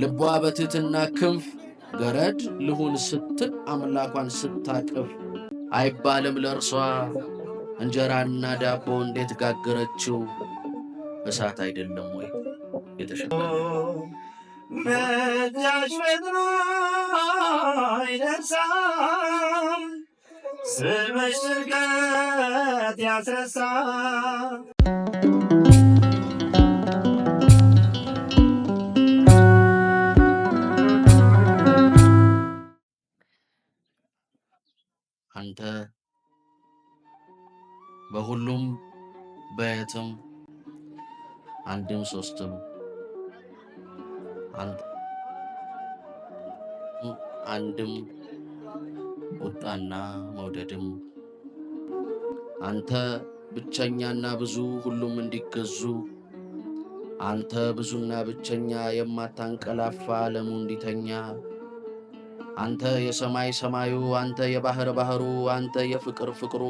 ልቧ በትህትና ክንፍ ገረድ ልሁን ስትል አምላኳን ስታቅፍ አይባልም ለእርሷ እንጀራና ዳቦ እንዴት ጋገረችው? እሳት አይደለም ወይ መጃሽ ፈጥኖ አንተ በሁሉም በየትም አንድም ሶስትም አንድም ቁጣና መውደድም አንተ ብቸኛና ብዙ ሁሉም እንዲገዙ አንተ ብዙና ብቸኛ የማታንቀላፋ ዓለሙ እንዲተኛ አንተ የሰማይ ሰማዩ፣ አንተ የባህር ባህሩ፣ አንተ የፍቅር ፍቅሩ፣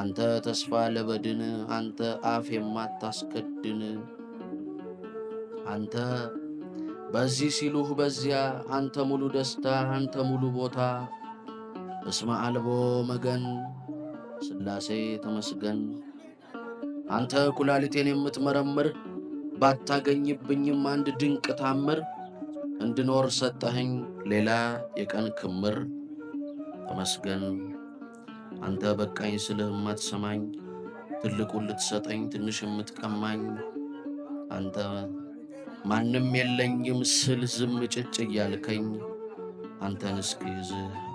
አንተ ተስፋ ለበድን፣ አንተ አፍ የማታስከድን፣ አንተ በዚህ ሲሉህ በዚያ፣ አንተ ሙሉ ደስታ፣ አንተ ሙሉ ቦታ፣ እስመ አልቦ መገን ሥላሴ ተመስገን። አንተ ኩላሊቴን የምትመረምር ባታገኝብኝም አንድ ድንቅ ታምር እንድኖር ሰጠኸኝ ሌላ የቀን ክምር። ተመስገን አንተ በቃኝ ስልህ የማትሰማኝ ትልቁ ልትሰጠኝ ትንሽ የምትቀማኝ አንተ ማንም የለኝም ስል ዝም ጭጭ እያልከኝ አንተን እስክይዝ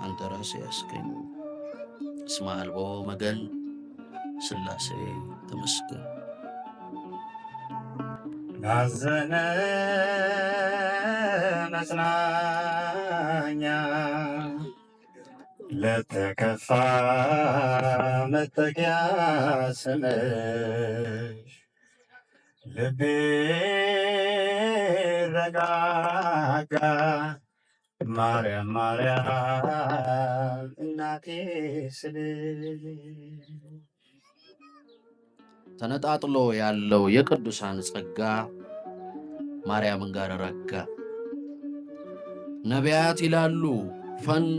አንተ ራሴ ያስገኝ። እስመ አልቦ መገን ስላሴ ተመስገን። ላዘነ መጽናኛ ለተከፋ መጠጊያ ስምሽ ልቤ ረጋጋ። ማርያም ማርያም እናቴ ስል ተነጣጥሎ ያለው የቅዱሳን ጸጋ ማርያምን ጋር ረጋ። ነቢያት ይላሉ ፈኑ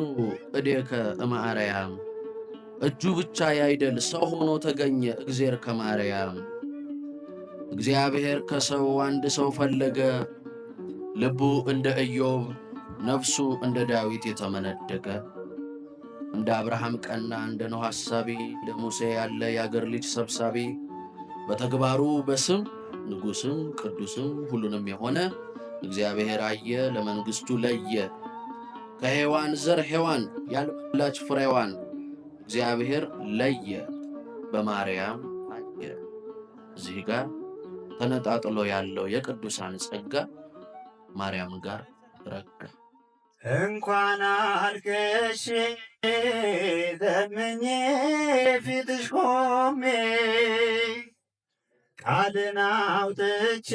እዴከ እማርያም፣ እጁ ብቻ ያይደል ሰው ሆኖ ተገኘ እግዜር ከማርያም። እግዚአብሔር ከሰው አንድ ሰው ፈለገ፣ ልቡ እንደ ኢዮብ ነፍሱ እንደ ዳዊት የተመነደገ እንደ አብርሃም ቀና እንደ ኖህ አሳቢ እንደ ሙሴ ያለ የአገር ልጅ ሰብሳቢ በተግባሩ በስም ንጉስም ቅዱስም ሁሉንም የሆነ እግዚአብሔር አየ፣ ለመንግስቱ ለየ። ከሔዋን ዘር ሔዋን ያልበላች ፍሬዋን እግዚአብሔር ለየ፣ በማርያም አየ። እዚህ ጋር ተነጣጥሎ ያለው የቅዱሳን ጸጋ ማርያም ጋር ረጋ። እንኳን አልከሽ ዘምኜ ፊትሽ ቆሜ ቃልን አውጥቼ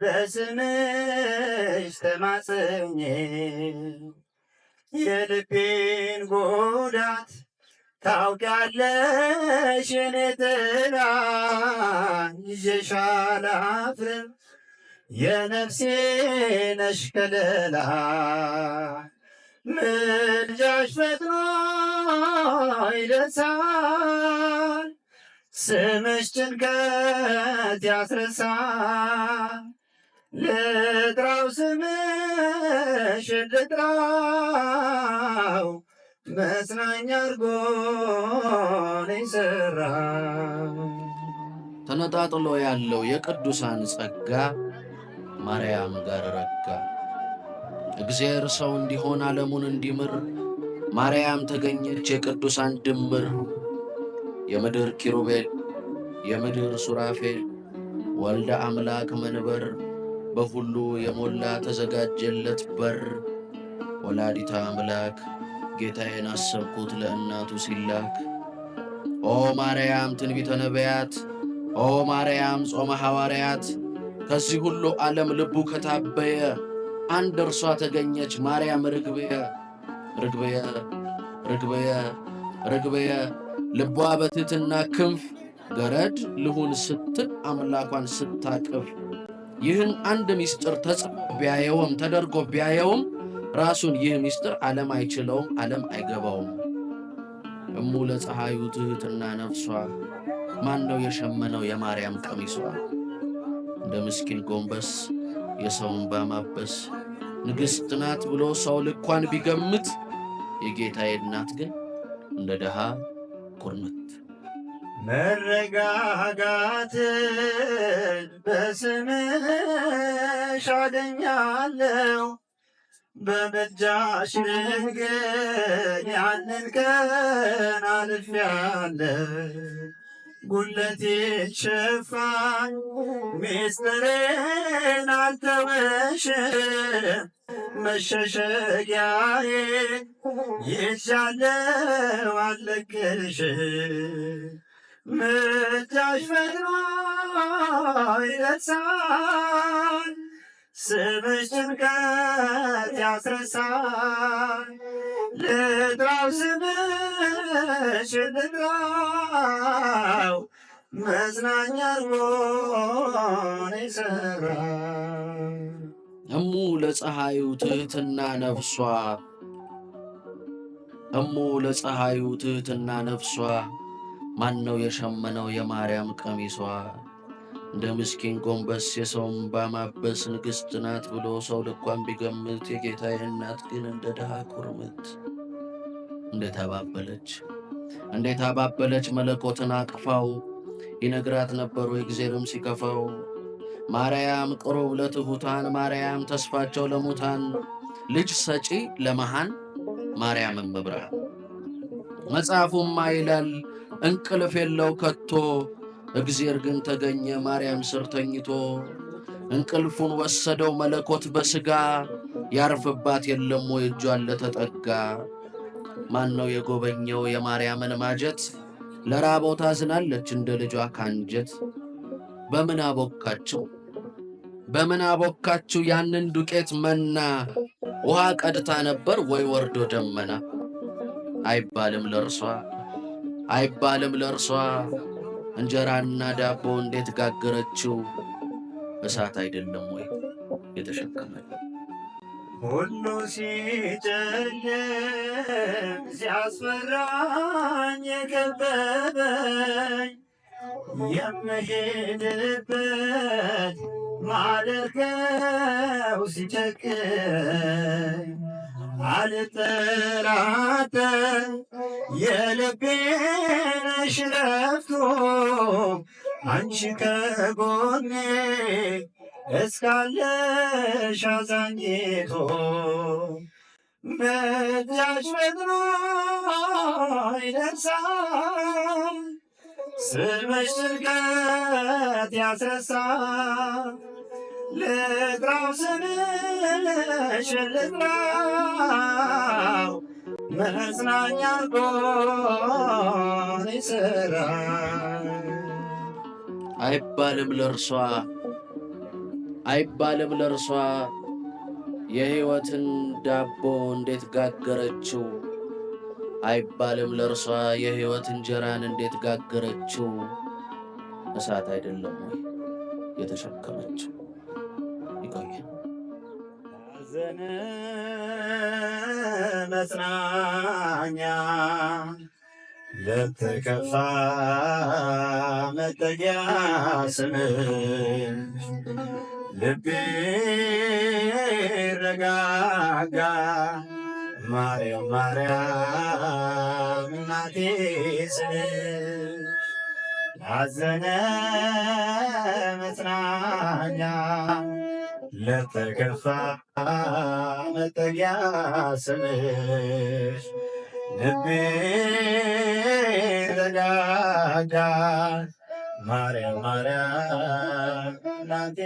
በስምሽ ተማጸኜ የልቤን ጎዳት ታውቂያለሽ የኔ ጥላ ይዤሽ የነፍሴ ነሽ ከለላ ምልጃሽ ፈጥኖ ይደርሳል ስምሽ ጭንቀት ያስረሳ ልጥራው ስምሽ ልጥራው መጽናኛ አርጎን ይሰራ ተነጣጥሎ ያለው የቅዱሳን ጸጋ ማርያም ጋር ረጋ። እግዚአብሔር ሰው እንዲሆን ዓለሙን እንዲምር ማርያም ተገኘች የቅዱሳን ድምር የምድር ኪሩቤል፣ የምድር ሱራፌል፣ ወልደ አምላክ መንበር በሁሉ የሞላ ተዘጋጀለት በር። ወላዲታ አምላክ ጌታዬን አሰብኩት ለእናቱ ሲላክ። ኦ ማርያም ትንቢተ ነቢያት፣ ኦ ማርያም ጾመ ሐዋርያት። ከዚህ ሁሉ ዓለም ልቡ ከታበየ አንድ እርሷ ተገኘች ማርያም ርግብየ ርግብየ ርግብየ ርግብየ ልቧ በትህትና ክንፍ ገረድ ልሁን ስትል አምላኳን ስታቅፍ ይህን አንድ ምስጢር ተጽፎ ቢያየውም ተደርጎ ቢያየውም ራሱን ይህ ምስጢር ዓለም አይችለውም፣ ዓለም አይገባውም። እሙ ለፀሐዩ ትህትና ነፍሷ ማን ነው የሸመነው የማርያም ቀሚሷ? እንደ ምስኪን ጎንበስ የሰውን ባማበስ ንግሥት ናት ብሎ ሰው ልኳን ቢገምት የጌታዬ እናት ግን እንደ ድሃ ኩርምት መረጋጋት በስምሽ አገኛለሁ። በምልጃሽ ግን ያንን ቀን አልፌያለሁ። ጉለቴ ሸፋኝ ሚስጥሬን አልተወሽም መሸሸጊያዬ ይቻለው አለቅሽ ምልጃሽ ፈጥኖ ይደርሳል ስምሽ ጭንቀት ያስረሳል ልጥራው ስምሽ ልጥራው መዝናኛ ርሞን ይሰራል ለፀሐዩ ትህትና ነፍሷ እሙ ለፀሐዩ ትህትና ነፍሷ ማን ነው የሸመነው የማርያም ቀሚሷ? እንደ ምስኪን ጎንበስ የሰውን ባማበስ ንግሥት ናት ብሎ ሰው ልኳን ቢገምት የጌታዬ እናት ግን እንደ ድሃ ኩርምት እንዴት አባበለች እንዴት አባበለች መለኮትን አቅፋው ይነግራት ነበሩ እግዚአብሔርም ሲከፋው ማርያም ቅሩብ ለትሑታን ማርያም ተስፋቸው ለሙታን ልጅ ሰጪ ለመሃን ማርያምን መብርሃን መጽሐፉማ ይላል እንቅልፍ የለው ከቶ እግዜር ግን ተገኘ ማርያም ስር ተኝቶ እንቅልፉን ወሰደው መለኮት በሥጋ ያርፍባት የለም ወይ እጇን ለተጠጋ ማን ነው የጎበኘው የማርያምን ማጀት ለራቦታ ዝናለች እንደ ልጇ ካንጀት በምን አቦካቸው በምን አቦካችሁ ያንን ዱቄት መና? ውሃ ቀድታ ነበር ወይ ወርዶ ደመና? አይባልም ለእርሷ አይባልም ለእርሷ እንጀራና ዳቦ እንዴት ጋገረችው? እሳት አይደለም ወይ የተሸከመች? ሁሉ ሲጨልም ሲያስፈራኝ የከበበኝ የምሄድበት ማደርከው ሲጨንቀኝ አልጠራተ የልቤን ሽረፍቶ አንቺ ከጎኔ እስካለሽ አዛኝቶ በእጃሽ በትሮ ይደርሳል ስምሽ ጥልቀት ያስረሳል። ልጥራው ልጥራው መጽናኛ ጎን ይስራ አይባልም ለእርሷ አይባልም ለእርሷ የሕይወትን ዳቦ እንዴት ጋገረችው አይባልም ለእርሷ የሕይወት እንጀራን እንዴት ጋገረችው። እሳት አይደለም ወይ የተሸከመችው? አብረን መጽናኛ ለተከፋ መጠጊያ ስም ልቤ ረጋጋ። ማርያም ማርያም እናቴ ስል አዘነ መጽናኛ ለተከፋ መጠጊያ ስምሽ ልቤ ተጋጋ ማርያም ማርያም ናቴ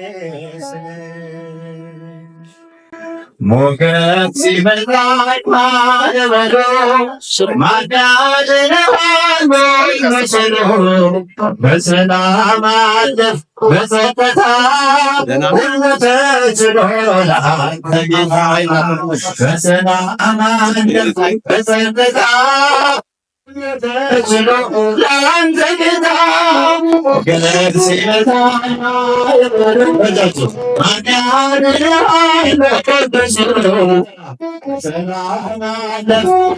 ስምሽ ሞገስ ሲበዛት ማደበሮ ማዳድነሃል መስሎ በሰላም አለፍ በጸጥታ ተችሎ ለአንተ ጌታ በሰላም አለፍ በጸጥታ ተችሎ ለአንተ ጌታ ገነት ሲመታ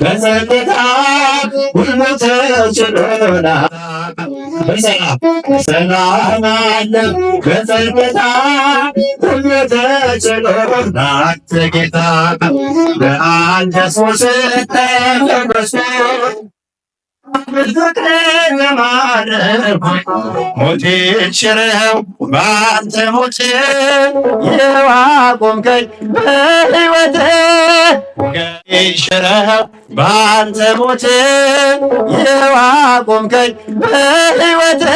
በጸጥታ ሁሉ ተችሎና በሰላም ሰላም አለ በጸጥታ ሁሉ ተችሎና ጌታ በአንተ ሶስት ተበሶ ፍቅር ለማደርጉ ሞት ሽረው ባንተ ሞት የዋቆምከኝ በሕይወት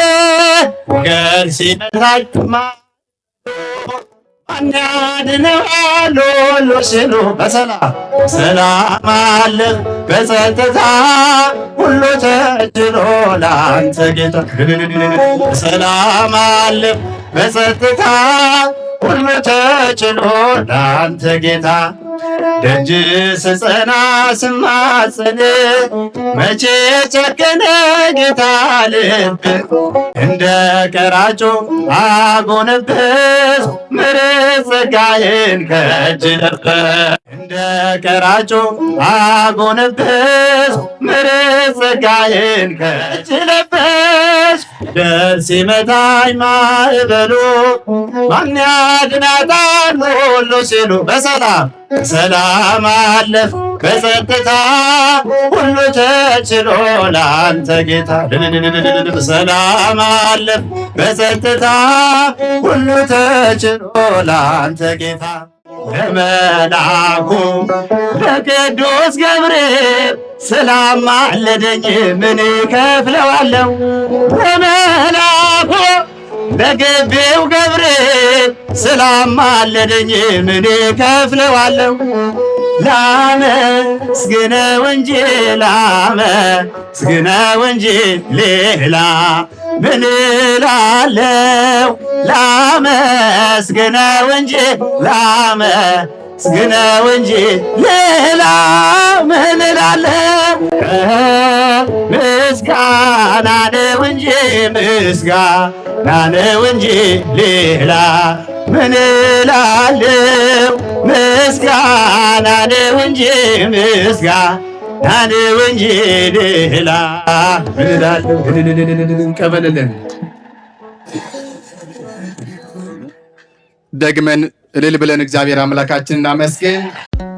ገር ሲመታኝ አናድነዋል ሁሉ ሲሉ በሰላም ሰላም አለህ በጸጥታ ሁሉ ተችሎ ለአንተ ጌታ ሰላም አለህ በጸጥታ ሁሉ ተችሎ ለአንተ ጌታ ደጅ ስጸና ስማጽን መቼ ጨከነ ጌታ ልብ እንደ ቀራጮ አጎነበስ ምርት ጸጋዬን ከእጅ እንደ ቀራጮ አጎነበስ ጸጋዬን ከእጅ ለበስ ደርስ ማዕበሉ ማን ያድናታል ሁሉ ሲሉ በሰላም ማለፍ በጸጥታ ሁሉ ተችሎ ለአንተ ጌታ ሰላም አለፍ በጸጥታ ሁሉ ተችሎ ለአንተ ጌታ ለመላኩ ለቅዱስ ገብርኤል ስላማለደኝ ምን ከፍለዋለው ለመላኩ ለግቤው ገብርኤል ስላማለደኝ ምን ከፍለዋለሁ? ላመስግነው እንጂ ላመስግነው እንጂ ሌላ ምን እላለሁ? ላመስግነው እንጂ ላመስግነው እንጂ ሌላ ምን እላለሁ? ምስጋና ነው እንጂ ምስጋና ነው እንጂ ሌላ ምን እላለሁ ምስጋና ነው እንጂ ምስጋና ነው እንጂ ሌላ ምን እላለሁ ደግመን እልል ብለን እግዚአብሔር አምላካችን እናመስግን።